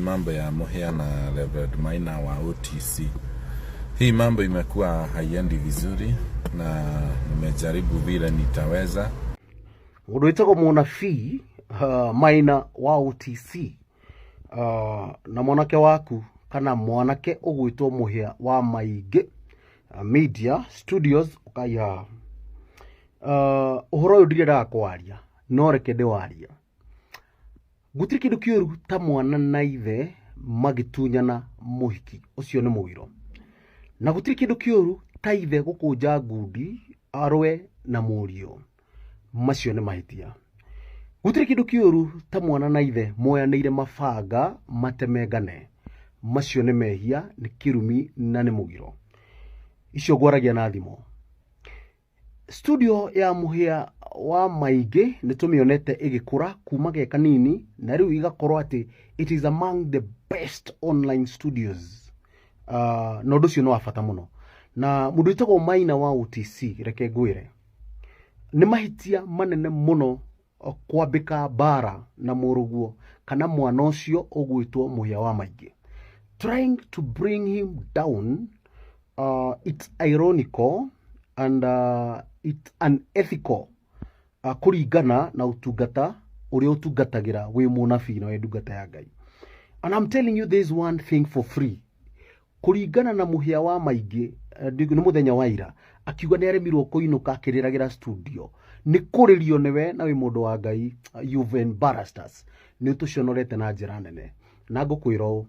mambo ya Muhia na Reverend Maina wa OTC, hii mambo imekuwa haiendi vizuri, na nimejaribu vile nitaweza. Undu witagwo munabii uh, Maina wa OTC uh, na mwanake waku kana mwanake ugwitwo muhia wa maingi uh, media studios ukaiha uhoro uyu ndirenda kwaria no reke ndiwaria gutirä kä ndå kä å ru ta mwana na ithe magätunyana må hiki å cio nä må na gå tirä kä ndå kä å ru ta ithe gå kå nja ngundi arwe na må riå macio nä mahä tia gå tirä kä ndå kä å ru ta mwana na ithe moyanä ire mabanga matemengane macio nä mehia nä kä rumi na nä må giro icio gwaragia na thimo studio ya muhia wa maige nä tå mä onete kuma ge kanini na riu u igakorwo atä it is among the best online studios uh, na å ndå å cio nä na må ndå maina wa OTC reke ngwä re nä manene må no kwambä ka mbara na må kana mwana å cio å wa maingä trying to bring him down uh, it's ironical and uh, it's unethical uh, kuringana na utungata uria utungatagĩra wĩ mũnabii na wĩ ndungata ya Ngai and I'm telling you this one thing for free kuringana na muhia wa maingi uh, ni muthenya wa ira akiuga ni aremirwo kuinuka akĩrĩragĩra studio nĩ kũrĩrio nĩwe na wĩ mundu wa Ngai uh, you've embarrassed us ni ũtũconorete na njĩra nene na ngũkwĩra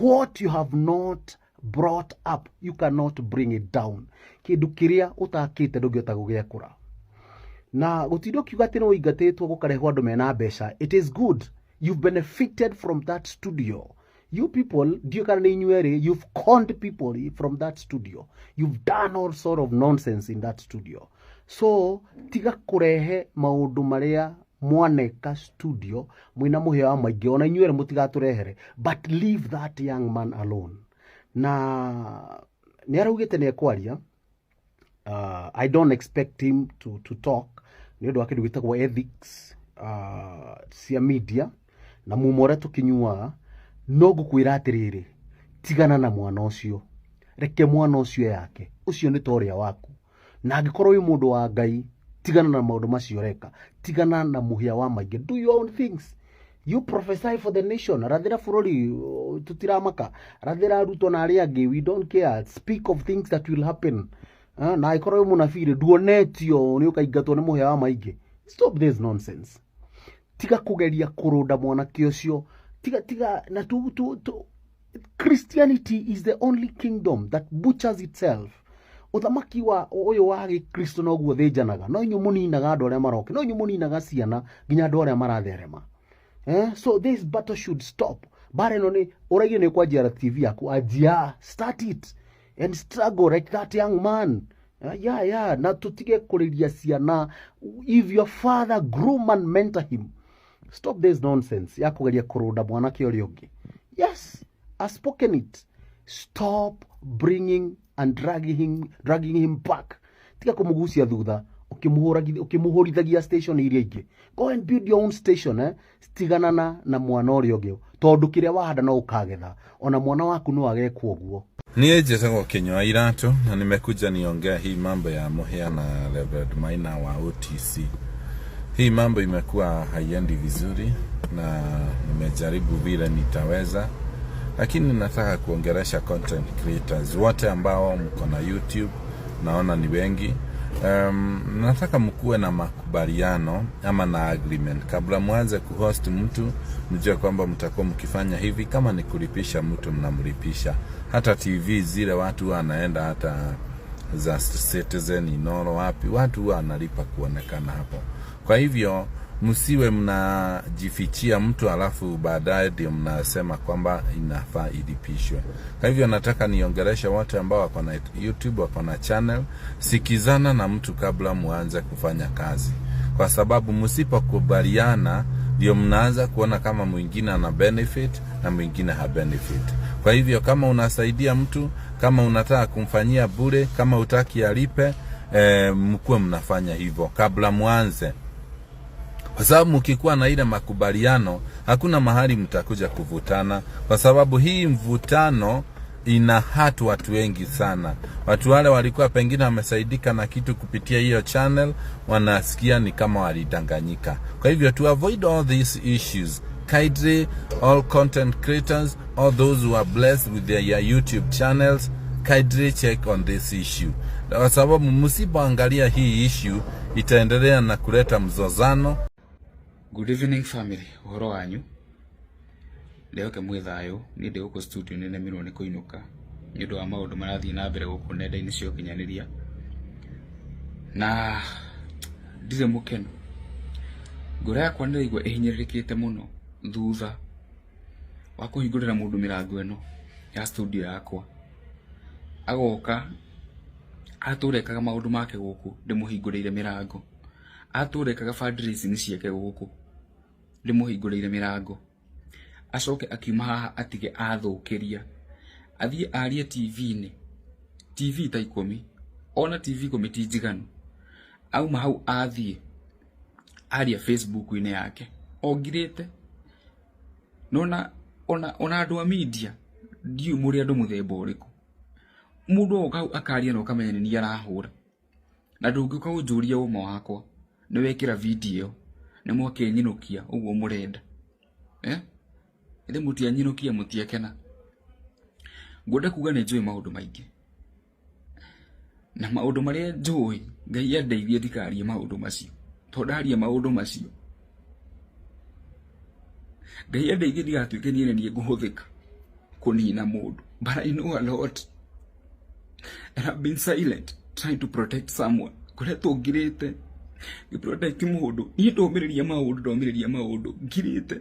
what you have not brought up you cannot bring it down kindu kiria utakite ndungihota gugiakura na gutinda ukiuga ati niwingatitwo gukarehwo andu mena mbeca it is good you've benefited from that studio you people ndiå kana nä inyuerä you've conned people from that studio you've done all sort of nonsense in that studio so tiga kurehe maundu maria mwaneka studio mwina muhe wa maingi ona inyuerä mutigatå rehere but leave that young man alone na nä araugä nä ekwaria uh, i don't expect him to, to talk nä å ndå wa kä ndå gä tagwo ethics uh, cia media na muma å rä a tå nyuaga no ngå kwä ra atä rä rä tigana na mwana å cio reke mwana å cio yake å cio nä ta å rä a waku na angä korwo wä må ndå wa ngai tigana na maå ndå macio reka tigana na må wa maingä do your own things you prophesy for the nation rathira bururi uh, tutiramaka rathira arutwo na aria angi we don't care speak of things that will happen uh, na ikorwo wi munabiri nduonetio ni ukaingatwo ni muhia wa maingi stop this nonsense tiga kugeria kurunda mwanake ucio tiga tiga na tu, tu, tu, christianity is the only kingdom that butchers itself uthamaki wa uyu wa gikristo noguo thĩnjanaga no inyu muninaga andå arĩa maroke no inyu muninaga ciana nginya andå arĩa maratherema eh? so this battle should stop bare no ni oragio ni kwa jira tv yako ajia start it and struggle like that young man yeah, yeah, yeah. na tutige kuriria ciana if your father groom and mentor him stop this nonsense ya kugeria kurunda mwanake uri ungi yes i spoken it stop bringing and dragging him, dragging him back tiga kumugucia thutha ukimuhurithagia station iria ingi go and build your own station eh stiganana na mwana uria ungi tondu kire wahanda no ukagetha ona mwana waku no agekwo guo niä njätagwo kinyua iratå na nimekuja mekuja niongea hii mambo ya muhia na Reverend Maina wa OTC. Hii mambo imekuwa haiendi vizuri, na nimejaribu vile nitaweza, lakini nataka kuongeresha content creators wote ambao mko na YouTube, naona ni wengi Um, nataka mkuwe na makubaliano ama na agreement kabla mwanze kuhost mtu, mjue kwamba mtakuwa mkifanya hivi. Kama ni kulipisha mtu, mnamlipisha. Hata TV zile watu wanaenda hata za Citizen Inoro, wapi watu wanalipa kuonekana hapo, kwa hivyo msiwe mnajifichia mtu alafu baadaye ndio mnasema kwamba inafaa ilipishwe. Kwa hivyo nataka niongeleshe wote ambao wako na YouTube, wako na channel, sikizana na mtu kabla mwanze kufanya kazi, kwa sababu msipokubaliana ndio mnaanza kuona kama mwingine ana benefit na mwingine ha benefit. Kwa hivyo kama unasaidia mtu, kama unataka kumfanyia bure, kama utaki alipe, e, mkuwe mnafanya hivyo kabla mwanze kwa sababu mkikuwa na ile makubaliano hakuna mahali mtakuja kuvutana, kwa sababu hii mvutano ina hatu watu wengi sana. Watu wale walikuwa pengine wamesaidika na kitu kupitia hiyo channel, wanasikia ni kama walidanganyika. Kwa hivyo to avoid all these issues Kaidri, all content creators, all those who are blessed with their YouTube channels, Kaidri check on this issue, kwa sababu msipoangalia hii issue itaendelea na kuleta mzozano. Good evening family uhoro wanyu ndehoke mwä thayå niä ndä gå kå studio nä nemirwo nä kå ka nä å ndå wa maå ndå marathiä na mbere gå kå nenda-inä cia å kinyanä na ndirä må keno ngå yakwa nä raigua ä hinyä rä rä kä te må no thutha wa kå hingå rä ra må ndå mä rango ä no ya studio yakwa agoka atå rekaga maå ndå make gå kå ndä må hingå rä ire mä rango aturekaga fundraising ciake guku ndimuhingurire mirango acoke akiuma haha atige athukiria athie arie tv-inĩ tv ta ikũmi ona tv ikũmi ti njiganu auma hau athiĩ aria facebook-inĩ yake ongirĩte nona ona ona andũ a media ndiũĩ mũrĩ andũ mũthemba ũrĩkũ mũndũ oka hau akaria na ũkamenya nĩ niĩ arahũra na ndũngĩũka gũnjũria ũma wakwa nĩ wekĩra video nĩ mwakĩnyinũkia ũguo mũrenda eh? ĩthĩ mũtianyinũkia mũtiekena ngwenda kuga nĩ njũĩ maũndũ maingĩ na maũndũ marĩa njũĩ ngai andeithie ndikarie maũndũ macio tondũ ndaria maũndũ macio ngai andeithie ndigatuĩke niĩ nĩ niĩ ngũhũthĩka kũnina mũndũ but i know a lot and i've been silent trying to protect someone kũrĩa tũngirĩte ngä ti må ndå niä ndåmä rä ria maå ndå ndåmä rä ria maå ndå ngirä te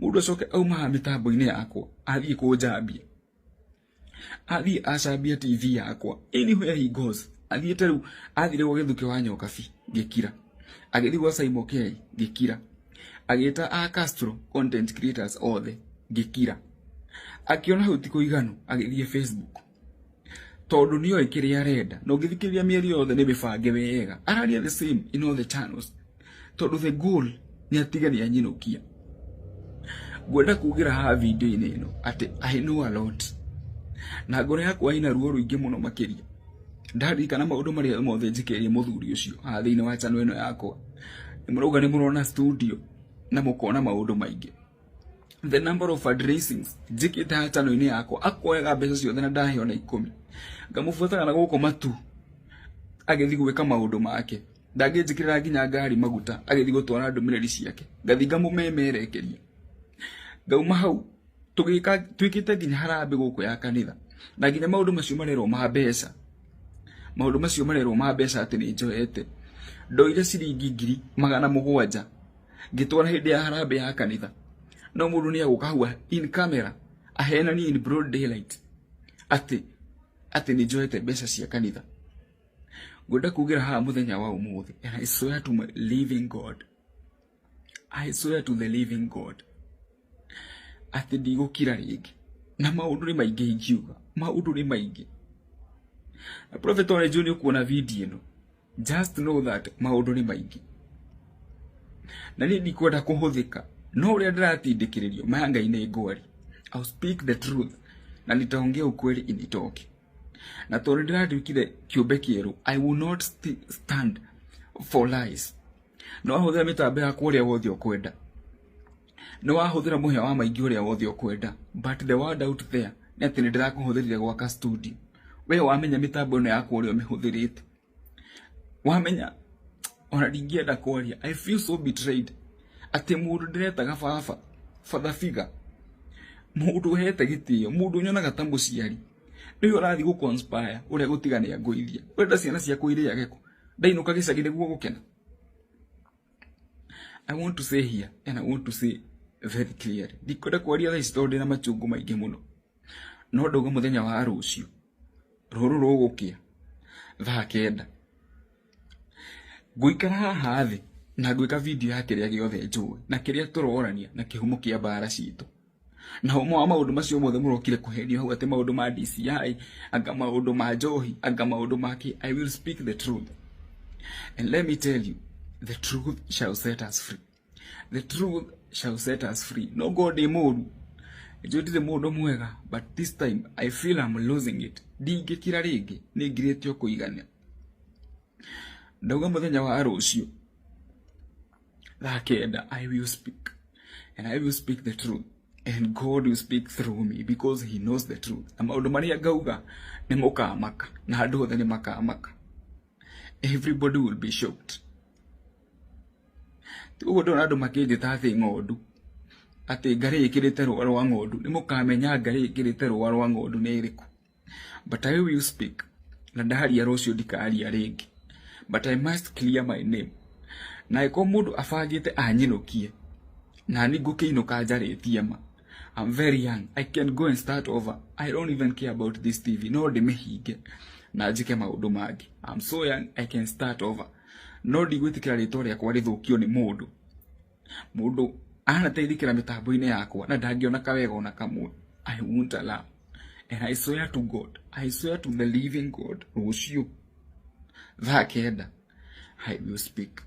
må ndå acoke aumaga mä tambo-inä yakwa athiä kå njambia athiä acambia tv yakwa anywhere he goes athiäte rä u athire gwa gä thukä wa nyokabi ngä kira agä thiä gwa ngä kira agä ta a castro ngä kira akä ona akiona hau ti kå iganu agä thiä facebook tondu nio ikiri arenda no githikiria mieri yothe ni bibange wega araria the same in all the channels tondu the goal ni atiga ni anyinukia gwenda kugira ha video ini ino ati i know a lot na ngoro yaku aina ruo ruingi muno makiria ndari kana maundu maria mothe njikirie muthuri ucio ha thini wa channel ino yako ni muruga ni murona studio na mukona maundu maingi the number of fundraisings njiki ta tano ini yako akoega besa sio na dahio na 10 ngamubuataga na guko matu agethi gwika maundu make dage jikira nginya ngari maguta agethi gutwara ndumiriri ciake ngathi ngamumemerekeria ngauma hau tugika tuikite nginya harambe guko ya kanitha na nginya maundu macio marerwo ma besa maundu macio marerwo ma besa ati ni njoete ndoire ciringi ngiri magana mugwanja ngitwara hindi ya harambe ya kanitha ni dunia gukahua in camera ahena ni in broad daylight ati ati joete besa cia kanitha goda kugira haha muthenya wa umuthi and i swear to my living god i swear to the living god ati ndigukira rigi na maundu ni maingi ingiuga maundu ni maingi na prophet one juni ukuona video ino just know that maundu ni maingi na ni ndikwenda kuhuthika no uria ndiratindikiririo mahanga-inĩ ngwari I'll speak the truth na nitaongea ukweli in the na tondu ndiratuikire kiumbe kieru I will not st stand for lies no wahuthira mitambo yaku uria wothe ukwenda no wahuthira muhe wa maingi uria wothe ukwenda but the word out there nä atä nä ndä rakuhå gwaka studio we wamenya mä tambo ä no yakwa å rä a å mä hå thä wamenya ona ndingä enda i feel so betrayed atä må ndå ndä retaga baba bathabiga må ndå hete gä tä o må ndå nyonaga ta må ciari nä å rathiä gå å rä a gå tiganä a ngå ithia å renda ciana ciakå irä ageko ndainå ka gä cagä nä guo gå kena i want to say here and i want to say very clearly ndikwenda kwaria thaa ici tondå ndä na macungå maingä må no no ndauga må thenya wa rå cio rå rå rå gå kä a thaa kenda ngå ikara haha thä na ngwika video ya kiria giothe njũĩ na kiria tũrorania na kihumo kia bara citũ na umwe wa maundu macio mothe murokire kuhenio hau ati maundu ma DCI anga maundu ma njohi anga maundu make I will speak the truth and let me tell you the truth shall set us free the truth shall set us free no god imundu njuä ndirä må ndå mwega but this time I feel I'm losing it ndingä kira rä ngä nä ngirä te å kå igana ndauga må wa rå lake and I will speak. And I will speak the truth. And God will speak through me because he knows the truth. Na maundu maria gauga ni moka amaka. na andu othe ni amaka. Everybody will be shocked. Uguo adu andu tathi ngodu. ng'ondu gari ngarĩ ĩkĩrĩte rũa rwa Ni moka amenya gari ĩkĩrĩte rũa rwa ng'ondu nĩ iriku. but I will speak na dika ali ya regi. but I must clear my name na iko mundu abangite kie na ni ngukiinuka njaritie ma I'm very young I can go and start over I don't even care about this TV no ndimihinge na njike maundu mangi I'm so young I can start over no ndigwĩtĩkĩra rĩtwa rĩakwa rĩthũkio nĩ mũndũ mũndũ anateithĩkĩra mĩtambo-inĩ yakwa na ndangĩona wega ona kamwe i won't allow and i swear to god i swear to the living god rũciũ thaa kenda i will speak